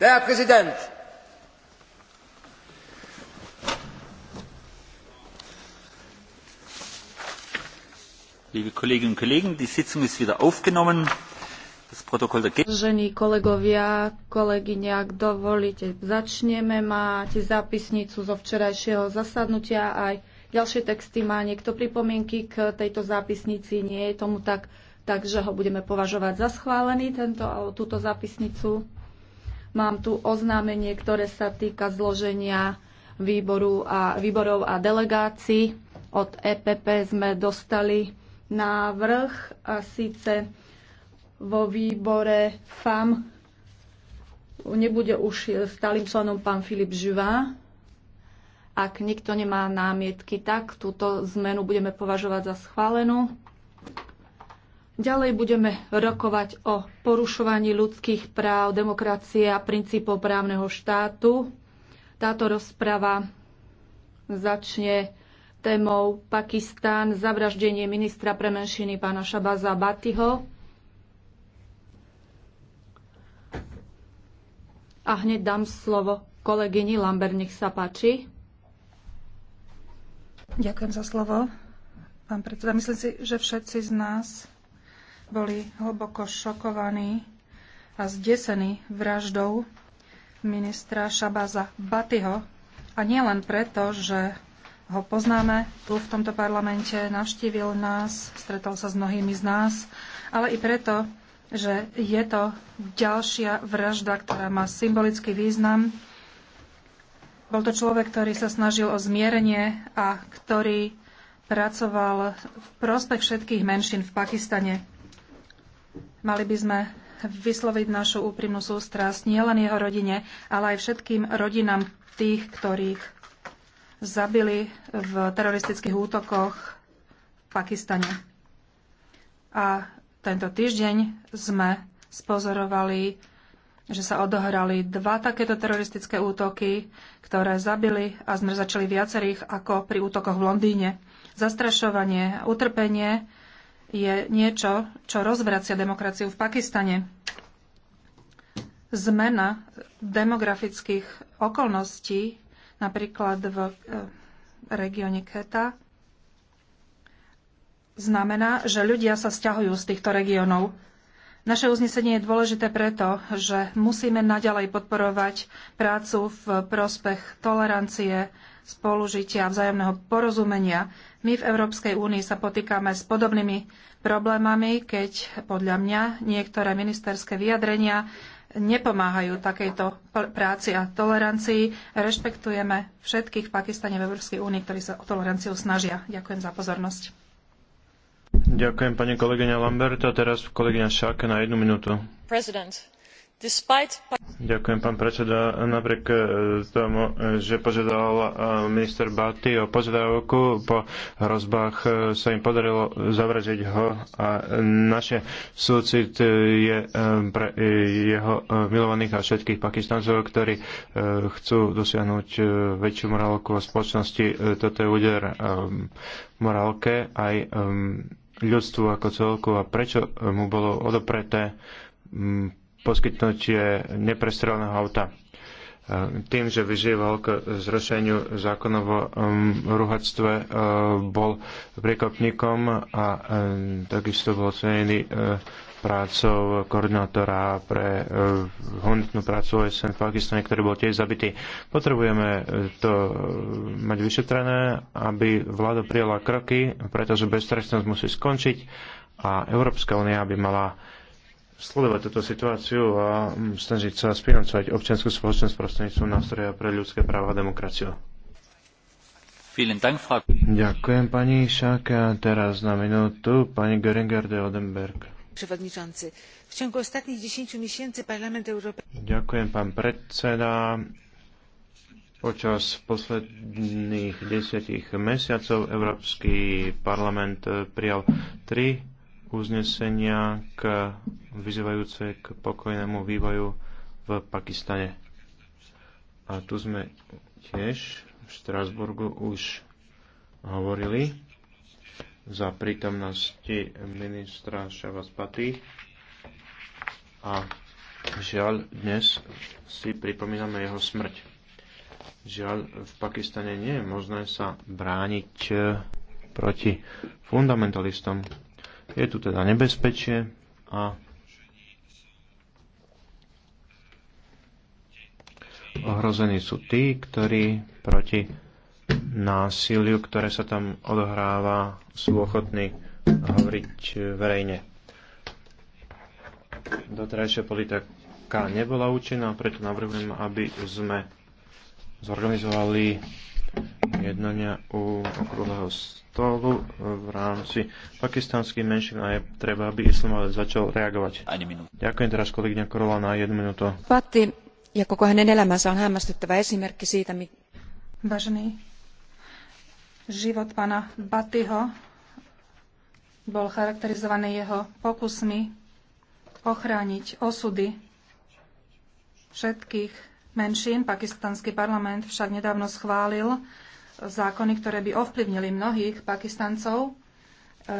Herr Präsident! Liebe Kolleginnen und Kollegen, die Sitzung ist wieder aufgenommen. Das Protokoll der Vážení kolegovia, kolegyne, ak dovolíte, začneme. Máte zápisnicu zo včerajšieho zasadnutia aj ďalšie texty. Má niekto pripomienky k tejto zápisnici? Nie je tomu tak, takže ho budeme považovať za schválený, tento, túto zápisnicu. Mám tu oznámenie, ktoré sa týka zloženia výboru a, výborov a delegácií. Od EPP sme dostali návrh a síce vo výbore FAM nebude už stálym členom pán Filip Živá. Ak nikto nemá námietky, tak túto zmenu budeme považovať za schválenú. Ďalej budeme rokovať o porušovaní ľudských práv, demokracie a princípov právneho štátu. Táto rozprava začne témou Pakistán, zavraždenie ministra pre menšiny pána Šabaza Batiho. A hneď dám slovo kolegyni Lamber, nech sa páči. Ďakujem za slovo, pán predseda. Myslím si, že všetci z nás boli hlboko šokovaní a zdesení vraždou ministra Šabaza Batyho. A nielen preto, že ho poznáme tu v tomto parlamente, navštívil nás, stretol sa s mnohými z nás, ale i preto, že je to ďalšia vražda, ktorá má symbolický význam. Bol to človek, ktorý sa snažil o zmierenie a ktorý pracoval v prospech všetkých menšín v Pakistane. Mali by sme vysloviť našu úprimnú sústrasť nielen jeho rodine, ale aj všetkým rodinám tých, ktorých zabili v teroristických útokoch v Pakistane. A tento týždeň sme spozorovali, že sa odohrali dva takéto teroristické útoky, ktoré zabili a zmrzačili viacerých ako pri útokoch v Londýne. Zastrašovanie, utrpenie je niečo, čo rozvracia demokraciu v Pakistane. Zmena demografických okolností, napríklad v e, regióne Keta, znamená, že ľudia sa stiahujú z týchto regiónov. Naše uznesenie je dôležité preto, že musíme naďalej podporovať prácu v prospech tolerancie, spolužitia, vzájomného porozumenia my v Európskej únii sa potýkame s podobnými problémami, keď podľa mňa niektoré ministerské vyjadrenia nepomáhajú takejto práci a tolerancii. Rešpektujeme všetkých v Pakistane v Európskej únii, ktorí sa o toleranciu snažia. Ďakujem za pozornosť. Ďakujem pani kolegyňa Lamberta a teraz kolegyňa Šáke na jednu minútu. President. Ďakujem, pán predseda. Napriek e, tomu, e, že požiadal e, minister Baty o požiadavku, po hrozbách sa im podarilo zavražiť ho a naše súcit je pre jeho milovaných a všetkých pakistancov, ktorí chcú dosiahnuť väčšiu morálku v spoločnosti. Toto je úder morálke aj ľudstvu ako celku a prečo mu bolo odopreté poskytnutie neprestrelného auta tým, že vyžíval k zrušeniu zákonov o um, ruhactve, uh, bol priekopníkom a um, takisto bol cenený uh, prácou koordinátora pre uh, humanitnú prácu OSN v Pakistane, ktorý bol tiež zabitý. Potrebujeme to mať vyšetrené, aby vláda prijala kroky, pretože beztrestnosť musí skončiť a Európska únia by mala sledovať túto situáciu a mm, snažiť sa spinancovať občianskú spoločnosť prostredníctvom nástroja pre ľudské práva a demokraciu. Dank, Ďakujem pani Šáka. Teraz na minútu pani Göringer de Odenberg. V ciągu ostatnich 10 miesięcy Parlament Europejski... Ďakujem pán predseda. Počas posledných desiatich mesiacov Európsky parlament e, prijal tri uznesenia k vyzývajúce k pokojnému vývoju v Pakistane. A tu sme tiež v Štrasburgu už hovorili za prítomnosti ministra Šavaspaty a žiaľ dnes si pripomíname jeho smrť. Žiaľ, v Pakistane nie je možné sa brániť eh, proti fundamentalistom. Je tu teda nebezpečie a ohrození sú tí, ktorí proti násiliu, ktoré sa tam odohráva, sú ochotní hovoriť verejne. Doterajšia politika nebola účinná, preto navrhujem, aby sme zorganizovali jednania u okrúhleho stolu v rámci pakistanských menšin a je treba, aby islamovec začal reagovať. Ďakujem teraz kolegyňa Korola na jednu minútu. Patti ja koko hänen elämänsä on hämmästyttävä esimerkki siitä, mi... Vážený život pana Batyho bol charakterizovaný jeho pokusmi ochrániť osudy všetkých menšín. Pakistanský parlament však nedávno schválil zákony, ktoré by ovplyvnili mnohých Pakistancov. E,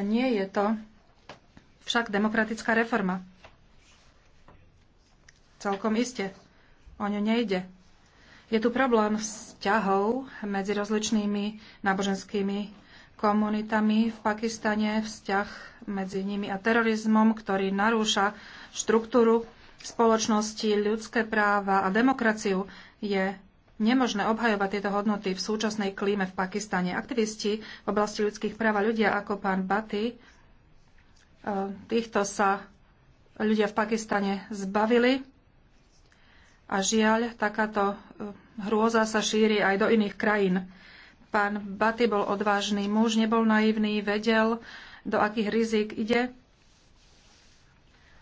nie je to však demokratická reforma. Celkom iste. O ňu nejde. Je tu problém vzťahov medzi rozličnými náboženskými komunitami v Pakistane, vzťah medzi nimi a terorizmom, ktorý narúša štruktúru spoločnosti, ľudské práva a demokraciu, je nemožné obhajovať tieto hodnoty v súčasnej klíme v Pakistane. Aktivisti v oblasti ľudských práv a ľudia ako pán Baty, eh, týchto sa ľudia v Pakistane zbavili a žiaľ, takáto eh, hrôza sa šíri aj do iných krajín. Pán Baty bol odvážny muž, nebol naivný, vedel, do akých rizik ide,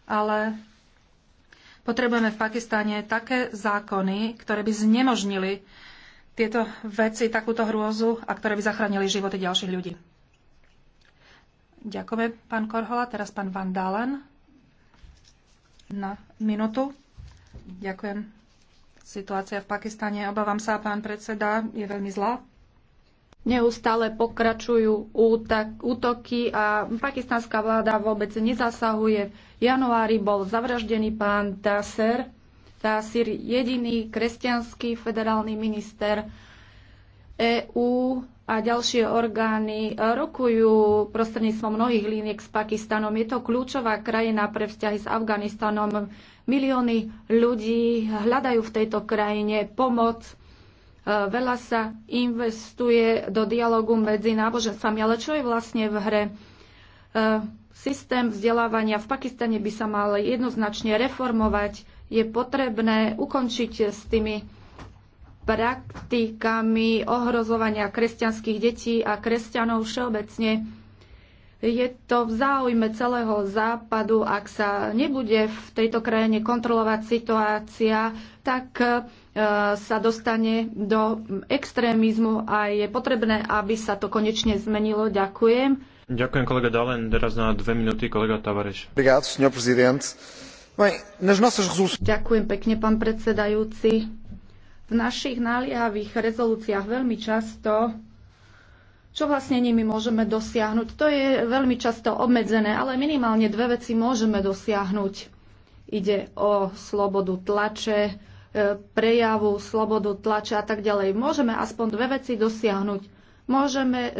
ale Potrebujeme v Pakistane také zákony, ktoré by znemožnili tieto veci, takúto hrôzu a ktoré by zachránili životy ďalších ľudí. Ďakujeme, pán Korhola. Teraz pán Van Dalen na minútu. Ďakujem. Situácia v Pakistane, obávam sa, pán predseda, je veľmi zlá. Neustále pokračujú útoky a pakistánska vláda vôbec nezasahuje. V januári bol zavraždený pán Taser, Tasir, jediný kresťanský federálny minister EÚ a ďalšie orgány rokujú prostredníctvom mnohých liniek s Pakistanom. Je to kľúčová krajina pre vzťahy s Afganistanom. Milióny ľudí hľadajú v tejto krajine pomoc Eh, veľa sa investuje do dialogu medzi náboženstvami, ale čo je vlastne v hre? Eh, systém vzdelávania v Pakistane by sa mal jednoznačne reformovať. Je potrebné ukončiť s tými praktikami ohrozovania kresťanských detí a kresťanov všeobecne je to v záujme celého západu, ak sa nebude v tejto krajine kontrolovať situácia, tak e, sa dostane do extrémizmu a je potrebné, aby sa to konečne zmenilo. Ďakujem. Ďakujem kolega Dalen, teraz na dve minúty kolega Tavareš. Ďakujem pekne, pán predsedajúci. V našich naliehavých rezolúciách veľmi často čo vlastne nimi môžeme dosiahnuť. To je veľmi často obmedzené, ale minimálne dve veci môžeme dosiahnuť. Ide o slobodu tlače, e, prejavu, slobodu tlače a tak ďalej. Môžeme aspoň dve veci dosiahnuť. Môžeme e,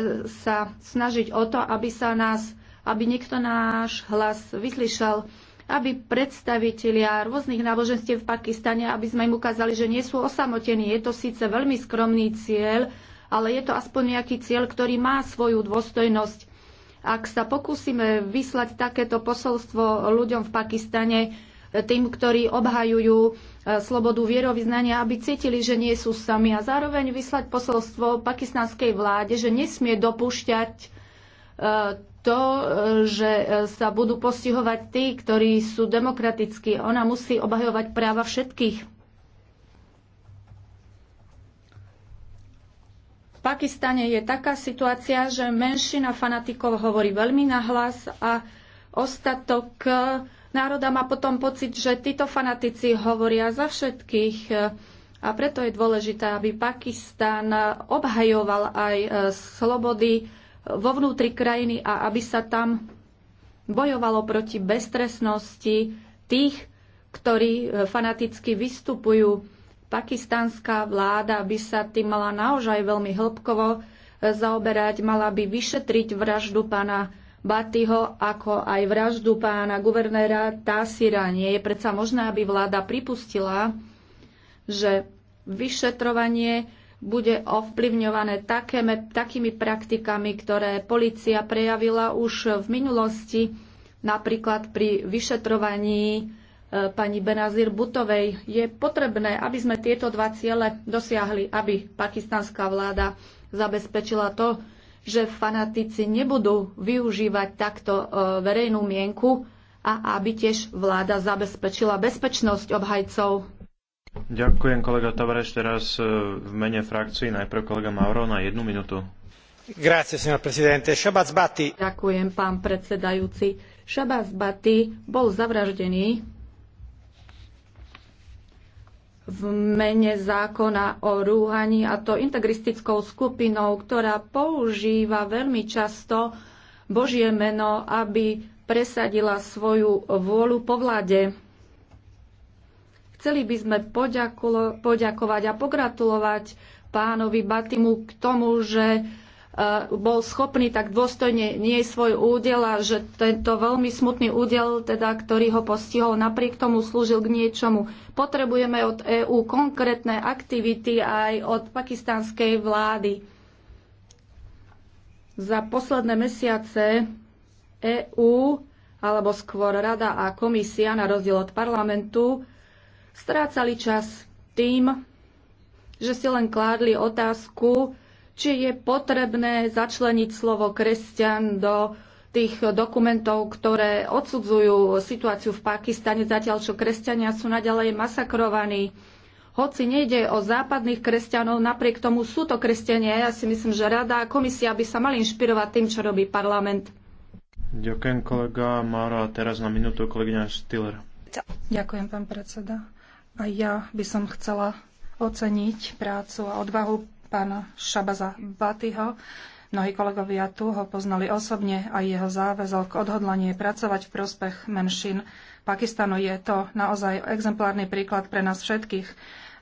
sa snažiť o to, aby sa nás, aby niekto náš hlas vyslyšal, aby predstavitelia rôznych náboženstiev v Pakistane, aby sme im ukázali, že nie sú osamotení. Je to síce veľmi skromný cieľ, ale je to aspoň nejaký cieľ, ktorý má svoju dôstojnosť. Ak sa pokúsime vyslať takéto posolstvo ľuďom v Pakistane, e, tým, ktorí obhajujú e, slobodu vierovýznania, aby cítili, že nie sú sami a zároveň vyslať posolstvo pakistanskej vláde, že nesmie dopúšťať e, to, že sa budú postihovať tí, ktorí sú demokratickí. Ona musí obhajovať práva všetkých. Pakistane je taká situácia, že menšina fanatikov hovorí veľmi nahlas a ostatok e, národa má potom pocit, že títo fanatici hovoria za všetkých e, a preto je dôležité, aby Pakistan obhajoval aj e, slobody vo vnútri krajiny a aby sa tam bojovalo proti beztresnosti tých, ktorí fanaticky vystupujú Pakistanská vláda by sa tým mala naozaj veľmi hĺbkovo e, zaoberať, mala by vyšetriť vraždu pána Batyho, ako aj vraždu pána guvernéra Tásira. Nie je predsa možné, aby vláda pripustila, že vyšetrovanie bude ovplyvňované takéme, takými praktikami, ktoré policia prejavila už v minulosti, napríklad pri vyšetrovaní pani Benazir Butovej. Je potrebné, aby sme tieto dva ciele dosiahli, aby pakistanská vláda zabezpečila to, že fanatici nebudú využívať takto e, verejnú mienku a aby tiež vláda zabezpečila bezpečnosť obhajcov. Ďakujem, kolega Tavareš. Teraz e, v mene frakcii najprv kolega Mauro na jednu minútu. Grazie, signor presidente. Shabazz Bati. Ďakujem, pán predsedajúci. Shabazz Bati bol zavraždený v mene zákona o rúhaní a to integristickou skupinou, ktorá používa veľmi často Božie meno, aby presadila svoju vôľu po vláde. Chceli by sme poďakovať a pogratulovať pánovi Batimu k tomu, že Eh, bol schopný tak dôstojne nie svoj údel a že tento veľmi smutný údel, teda, ktorý ho postihol, napriek tomu slúžil k niečomu. Potrebujeme od EÚ konkrétne aktivity aj od pakistanskej vlády. Za posledné mesiace EÚ, alebo skôr Rada a Komisia, na rozdiel od parlamentu, strácali čas tým, že si len kládli otázku, či je potrebné začleniť slovo kresťan do tých dokumentov, ktoré odsudzujú situáciu v Pakistane, zatiaľ čo kresťania sú naďalej masakrovaní. Hoci nejde o západných kresťanov, napriek tomu sú to kresťania. Ja si myslím, že rada a komisia by sa mali inšpirovať tým, čo robí parlament. Ďakujem kolega Mára. Teraz na minútu kolegyňa Stiller. Ďakujem, pán predseda. A ja by som chcela oceniť prácu a odvahu pána Šabaza Batyho. Mnohí kolegovia tu ho poznali osobne a jeho záväzok odhodlanie pracovať v prospech menšín Pakistanu je to naozaj exemplárny príklad pre nás všetkých.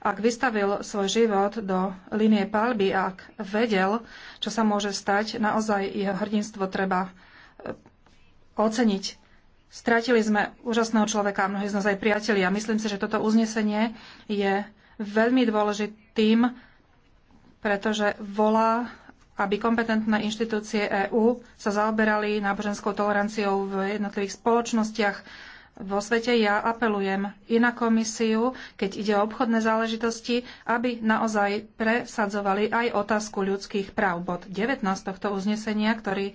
Ak vystavil svoj život do linie palby, ak vedel, čo sa môže stať, naozaj jeho hrdinstvo treba eh, oceniť. Stratili sme úžasného človeka a mnohí z nás aj priatelia. Myslím si, že toto uznesenie je veľmi dôležitým pretože volá, aby kompetentné inštitúcie EÚ sa zaoberali náboženskou toleranciou v jednotlivých spoločnostiach vo svete. Ja apelujem i na komisiu, keď ide o obchodné záležitosti, aby naozaj presadzovali aj otázku ľudských práv. Bod 19 tohto uznesenia, ktorý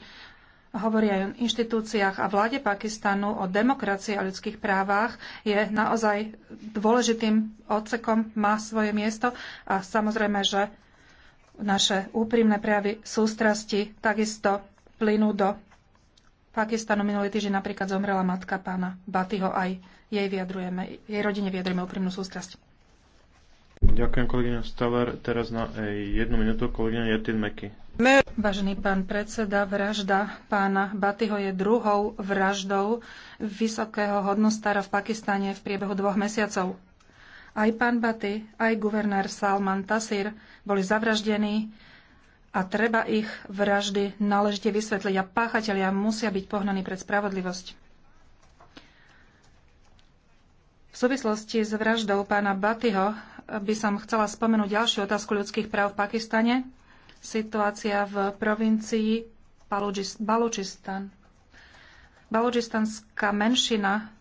hovorí aj o inštitúciách a vláde Pakistanu o demokracii a ľudských právach, je naozaj dôležitým odsekom, má svoje miesto a samozrejme, že naše úprimné prejavy sústrasti takisto plynú do Pakistanu. Minulý týždeň napríklad zomrela matka pána Batyho. Aj jej, vyjadrujeme, jej rodine vyjadrujeme úprimnú sústrasť. Ďakujem, kolegyňa Stavar. Teraz na e, jednu minútu kolegyňa Jetin Meky. Vážený pán predseda, vražda pána Batyho je druhou vraždou vysokého hodnostára v Pakistane v priebehu dvoch mesiacov. Aj pán Baty, aj guvernér Salman Tasir boli zavraždení a treba ich vraždy náležite vysvetliť a páchatelia musia byť pohnaní pred spravodlivosť. V súvislosti s vraždou pána Batyho by som chcela spomenúť ďalšiu otázku ľudských práv v Pakistane. Situácia v provincii Balučistan. Balučistanská menšina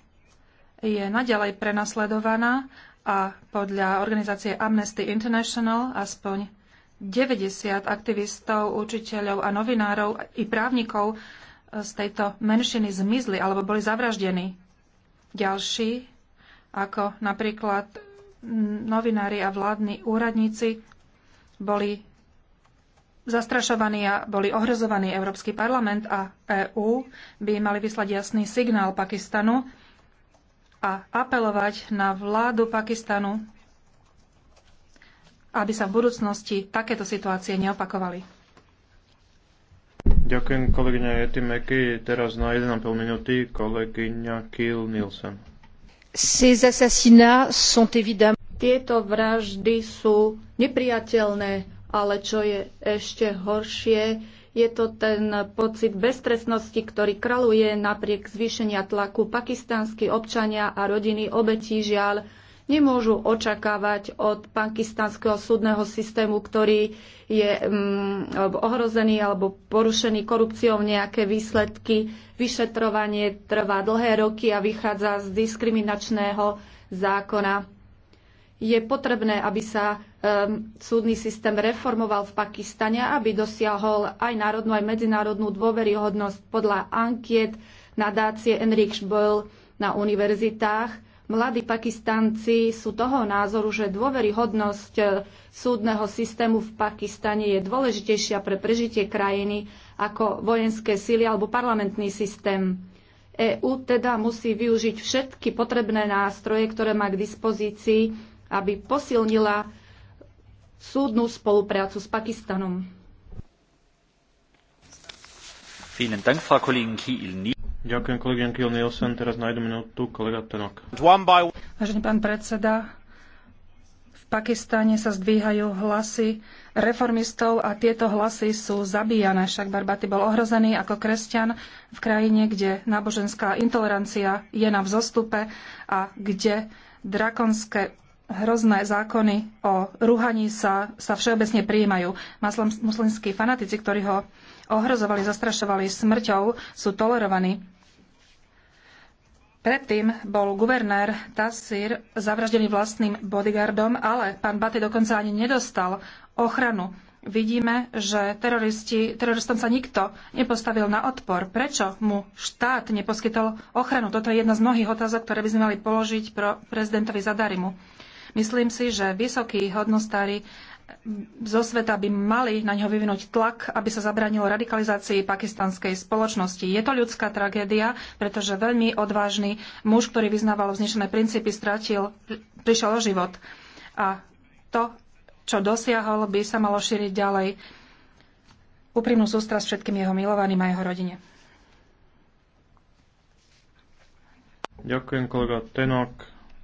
je nadalej prenasledovaná a podľa organizácie Amnesty International aspoň 90 aktivistov, učiteľov a novinárov i právnikov e, z tejto menšiny zmizli alebo boli zavraždení. Ďalší, ako napríklad novinári a vládni úradníci, boli zastrašovaní a boli ohrozovaní. Európsky parlament a EÚ by mali vyslať jasný signál Pakistanu, a apelovať na vládu Pakistanu, aby sa v budúcnosti takéto situácie neopakovali. Ďakujem kolegyňa Jety Meky. Teraz na 1,5 minúty kolegyňa Kiel Nielsen. Ces assassinats sont évidemment... Tieto vraždy sú nepriateľné, ale čo je ešte horšie, je to ten pocit bezstresnosti, ktorý kraluje napriek zvýšenia tlaku. Pakistanskí občania a rodiny obetí žiaľ nemôžu očakávať od pakistanského súdneho systému, ktorý je mm, ohrozený alebo porušený korupciou nejaké výsledky. Vyšetrovanie trvá dlhé roky a vychádza z diskriminačného zákona je potrebné, aby sa um, súdny systém reformoval v Pakistane, aby dosiahol aj národnú, aj medzinárodnú dôveryhodnosť podľa ankiet nadácie Enrich Boyle na univerzitách. Mladí Pakistanci sú toho názoru, že dôveryhodnosť eh, súdneho systému v Pakistane je dôležitejšia pre prežitie krajiny ako vojenské síly alebo parlamentný systém. EÚ teda musí využiť všetky potrebné nástroje, ktoré má k dispozícii aby posilnila súdnu spoluprácu s Pakistanom. Ďakujem kolegyne Kiel Nielsen. Teraz na jednu minútu kolega Tenok. Vážený pán predseda, v Pakistáne sa zdvíhajú hlasy reformistov a tieto hlasy sú zabíjane. Však Barbaty bol ohrozený ako kresťan v krajine, kde náboženská intolerancia je na vzostupe a kde drakonské hrozné zákony o rúhaní sa, sa všeobecne prijímajú. Muslimskí fanatici, ktorí ho ohrozovali, zastrašovali smrťou, sú tolerovaní. Predtým bol guvernér Tassir zavraždený vlastným bodyguardom, ale pán Baty dokonca ani nedostal ochranu. Vidíme, že teroristi, teroristom sa nikto nepostavil na odpor. Prečo mu štát neposkytol ochranu? Toto je jedna z mnohých otázok, ktoré by sme mali položiť pro prezidentovi Zadarimu Myslím si, že vysokí hodnostári zo sveta by mali na ňo vyvinúť tlak, aby sa zabránilo radikalizácii pakistanskej spoločnosti. Je to ľudská tragédia, pretože veľmi odvážny muž, ktorý vyznával vznešené princípy, stratil, prišiel o život. A to, čo dosiahol, by sa malo šíriť ďalej. Úprimnú sústrasť všetkým jeho milovaným a jeho rodine. Ďakujem, kolega Tenok.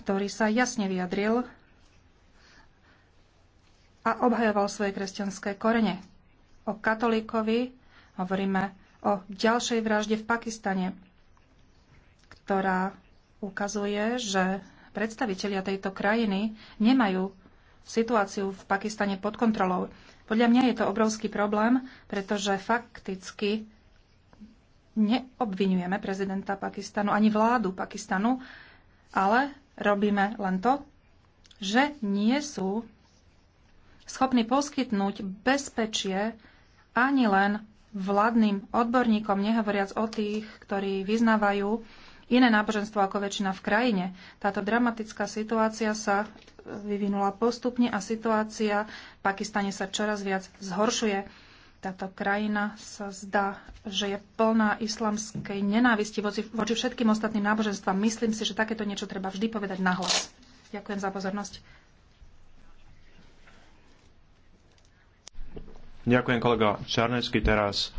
ktorý sa jasne vyjadril a obhajoval svoje kresťanské korene. O katolíkovi hovoríme o ďalšej vražde v Pakistane, ktorá ukazuje, že predstavitelia tejto krajiny nemajú situáciu v Pakistane pod kontrolou. Podľa mňa je to obrovský problém, pretože fakticky neobvinujeme prezidenta Pakistanu ani vládu Pakistanu, ale robíme len to, že nie sú schopní poskytnúť bezpečie ani len vládnym odborníkom, nehovoriac o tých, ktorí vyznávajú iné náboženstvo ako väčšina v krajine. Táto dramatická situácia sa e, vyvinula postupne a situácia v Pakistane sa čoraz viac zhoršuje. Táto krajina sa zdá, že je plná islamskej nenávisti voči, voči všetkým ostatným náboženstvám. Myslím si, že takéto niečo treba vždy povedať nahlas. Ďakujem za pozornosť. Ďakujem kolega Čarnecký teraz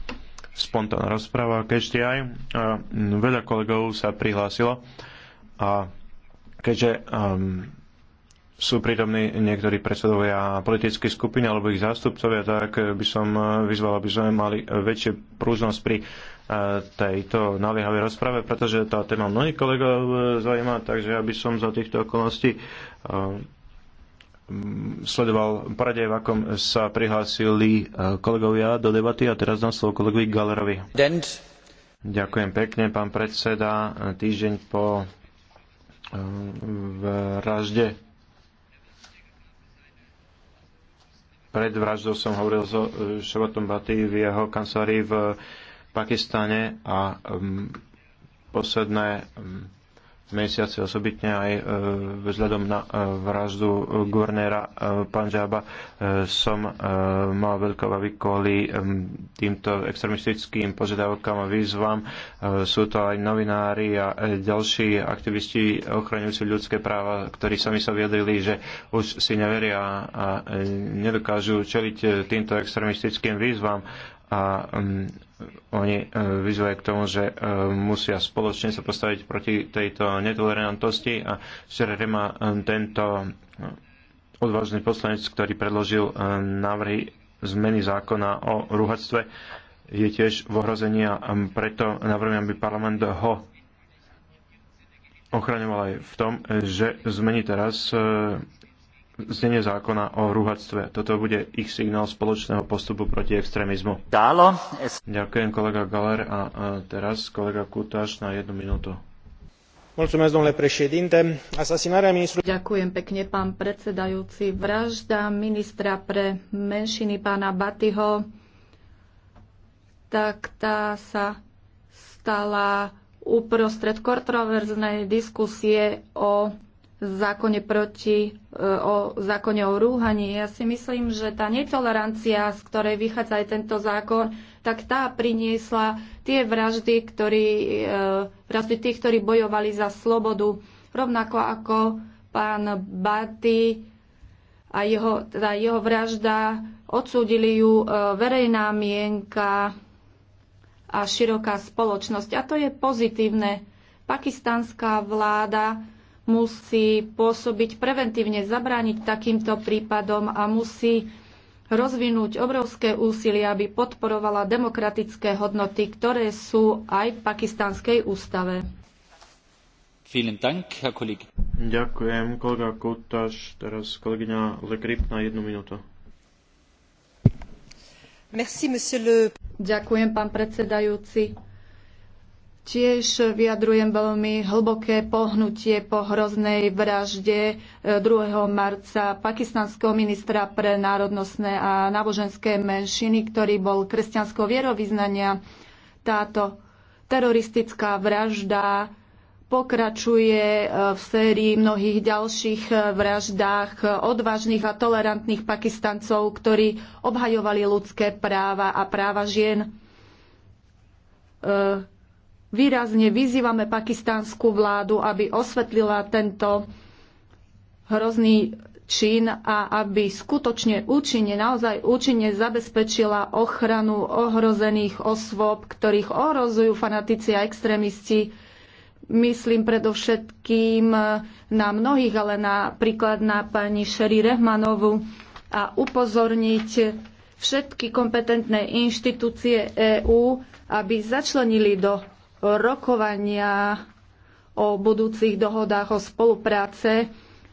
spontánna rozpráva keďže aj veľa kolegov sa prihlásilo a keďže um, sú prítomní niektorí predsedovia politických skupín alebo ich zástupcovia, tak by som vyzval, aby sme mali väčšiu prúznosť pri e, tejto naliehavej rozprave, pretože tá téma mnohých kolegov e, zaujíma, takže ja by som za týchto okolností e, sledoval poradie, v akom sa prihlásili kolegovia do debaty a teraz dám slovo kolegovi Galerovi. Dent. Ďakujem pekne, pán predseda. Týždeň po vražde pred vraždou som hovoril so e, Šabatom Bati v jeho kancelárii v Pakistane a um, posledné um, mesiace, osobitne aj e, vzhľadom na e, vraždu guvernéra e, Panžába som mal veľké obavy kvôli týmto extremistickým požiadavkám a výzvam. Sú to aj novinári a ďalší aktivisti ochraňujúci ľudské práva, ktorí sami sa vyjadrili, že už si neveria a nedokážu čeliť týmto extremistickým výzvam a oni e, vyzvajú k tomu, že e, musia spoločne sa postaviť proti tejto netolerantosti a včera má e, tento odvážny poslanec, ktorý predložil návrhy zmeny zákona o rúhactve, je tiež v ohrození a preto navrhujem, aby parlament ho ochraňoval aj v tom, že zmení teraz znenie zákona o rúhactve. Toto bude ich signál spoločného postupu proti extrémizmu. Dálo. Ďakujem kolega Galer a teraz kolega Kutáš na jednu minútu. Ďakujem pekne, pán predsedajúci. Vražda ministra pre menšiny pána Batyho, tak tá sa stala uprostred kontroverznej diskusie o zákone proti, e, o zákone o rúhaní. Ja si myslím, že tá netolerancia, z ktorej vychádza aj tento zákon, tak tá priniesla tie vraždy, ktorí, e, vraždy tých, ktorí bojovali za slobodu. Rovnako ako pán Baty a jeho, teda jeho vražda, odsúdili ju e, verejná mienka a široká spoločnosť. A to je pozitívne. Pakistánska vláda musí pôsobiť preventívne, zabrániť takýmto prípadom a musí rozvinúť obrovské úsilie, aby podporovala demokratické hodnoty, ktoré sú aj v pakistanskej ústave. Ďakujem, kolega Kutaš. Teraz kolegyňa Legrip na jednu minútu. Merci, le... Ďakujem, pán predsedajúci Tiež vyjadrujem veľmi hlboké pohnutie po hroznej vražde 2. E, marca pakistanského ministra pre národnostné a náboženské menšiny, ktorý bol kresťanského vierovýznania. Táto teroristická vražda pokračuje e, v sérii mnohých ďalších e, vraždách odvážnych a tolerantných pakistancov, ktorí obhajovali ľudské práva a práva žien výrazne vyzývame pakistánsku vládu, aby osvetlila tento hrozný čin a aby skutočne účinne, naozaj účinne zabezpečila ochranu ohrozených osôb, ktorých ohrozujú fanatici a extrémisti. Myslím predovšetkým na mnohých, ale napríklad na pani Šeri Rehmanovu a upozorniť všetky kompetentné inštitúcie EÚ, aby začlenili do rokovania o budúcich dohodách o spolupráce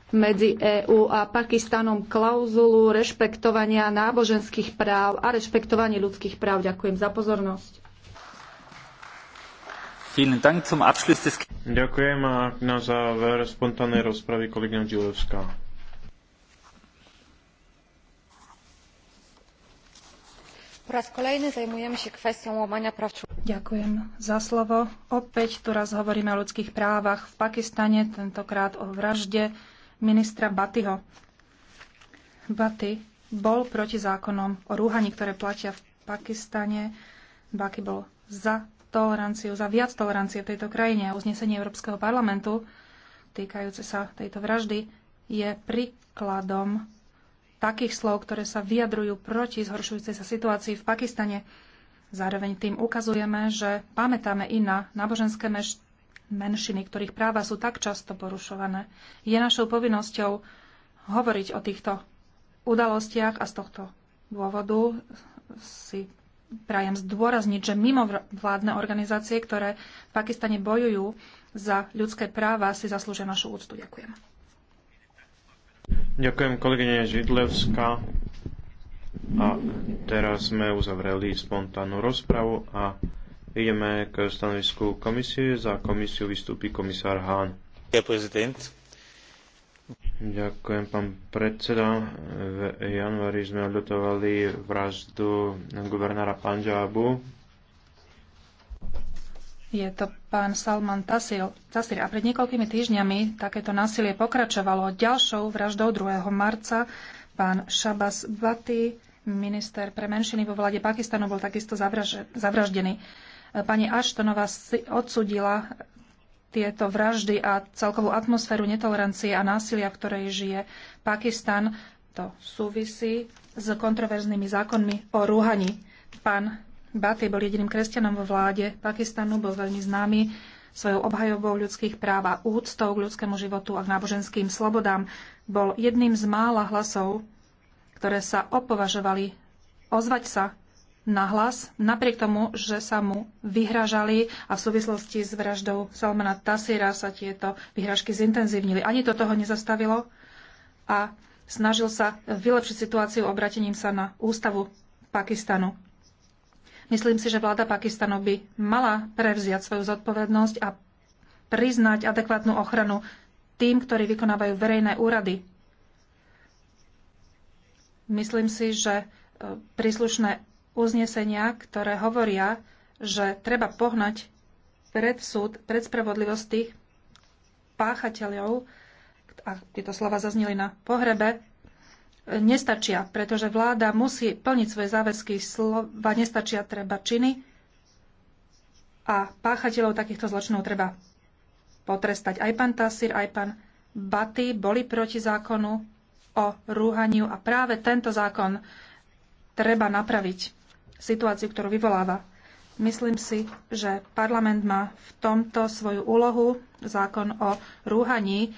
medzi EÚ a Pakistanom klauzulu rešpektovania náboženských práv a rešpektovanie ľudských práv. Ďakujem za pozornosť. Ďakujem a na záver spontánnej rozpravy kolegyňa Đilevská. Ďakujem za slovo. Opäť tu raz hovoríme o ľudských právach v Pakistane, tentokrát o vražde ministra Batyho. Baty bol proti zákonom o rúhaní, ktoré platia v Pakistane. Baky bol za toleranciu, za viac tolerancie v tejto krajine. Uznesenie Európskeho parlamentu týkajúce sa tejto vraždy je príkladom takých slov, ktoré sa vyjadrujú proti zhoršujúcej sa situácii v Pakistane. Zároveň tým ukazujeme, že pamätáme i na náboženské menšiny, ktorých práva sú tak často porušované. Je našou povinnosťou hovoriť o týchto udalostiach a z tohto dôvodu si prajem zdôrazniť, že mimo vládne organizácie, ktoré v Pakistane bojujú za ľudské práva, si zaslúžia našu úctu. Ďakujem. Ďakujem kolegyne Židlevská. A teraz sme uzavreli spontánnu rozpravu a ideme k stanovisku komisie. Za komisiu vystúpi komisár Hahn. Ďakujem, Ďakujem, pán predseda. V januári sme odotovali vraždu guvernára Panžábu je to pán Salman Tasir. Tasir. A pred niekoľkými týždňami takéto násilie pokračovalo ďalšou vraždou 2. marca. Pán Shabas Bati, minister pre menšiny vo vláde Pakistanu, bol takisto zavraždený. Pani Ashtonová odsudila tieto vraždy a celkovú atmosféru netolerancie a násilia, v ktorej žije Pakistan. To súvisí s kontroverznými zákonmi o rúhaní. Pán Bhatti bol jediným kresťanom vo vláde Pakistanu, bol veľmi známy svojou obhajobou ľudských práv a úctou k ľudskému životu a k náboženským slobodám. Bol jedným z mála hlasov, ktoré sa opovažovali ozvať sa na hlas, napriek tomu, že sa mu vyhražali a v súvislosti s vraždou Salmana Tasira sa tieto vyhražky zintenzívnili. Ani to toho nezastavilo a snažil sa vylepšiť situáciu obratením sa na ústavu Pakistanu. Myslím si, že vláda Pakistanu by mala prevziať svoju zodpovednosť a priznať adekvátnu ochranu tým, ktorí vykonávajú verejné úrady. Myslím si, že e, príslušné uznesenia, ktoré hovoria, že treba pohnať pred súd, pred spravodlivosť tých páchateľov, a tieto slova zazneli na pohrebe, nestačia, pretože vláda musí plniť svoje záväzky, slova nestačia, treba činy a páchateľov takýchto zločinov treba potrestať. Aj pán Tasir, aj pán Baty boli proti zákonu o rúhaniu a práve tento zákon treba napraviť situáciu, ktorú vyvoláva. Myslím si, že parlament má v tomto svoju úlohu. Zákon o rúhaní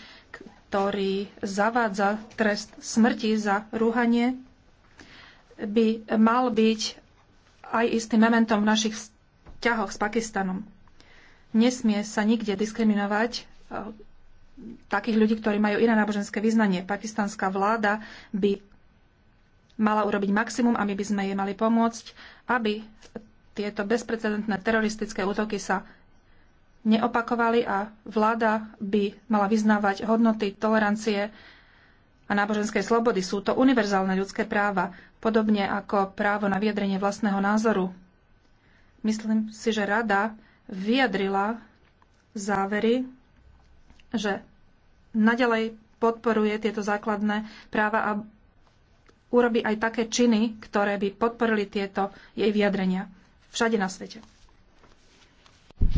ktorý zavádza trest smrti za rúhanie, by mal byť aj istým momentom v našich vzťahoch s Pakistanom. Nesmie sa nikde diskriminovať e, takých ľudí, ktorí majú iné náboženské vyznanie. Pakistanská vláda by mala urobiť maximum a my by sme jej mali pomôcť, aby tieto bezprecedentné teroristické útoky sa neopakovali a vláda by mala vyznávať hodnoty tolerancie a náboženskej slobody. Sú to univerzálne ľudské práva, podobne ako právo na vyjadrenie vlastného názoru. Myslím si, že rada vyjadrila závery, že naďalej podporuje tieto základné práva a urobí aj také činy, ktoré by podporili tieto jej vyjadrenia všade na svete.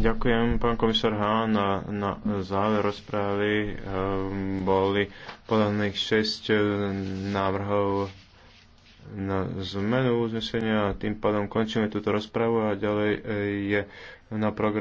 Ďakujem, pán komisár Hán. Na, na záver rozprávy ehm, boli podaných 6 eh, návrhov na zmenu uznesenia. Tým pádom končíme túto rozpravu a ďalej eh, je na program.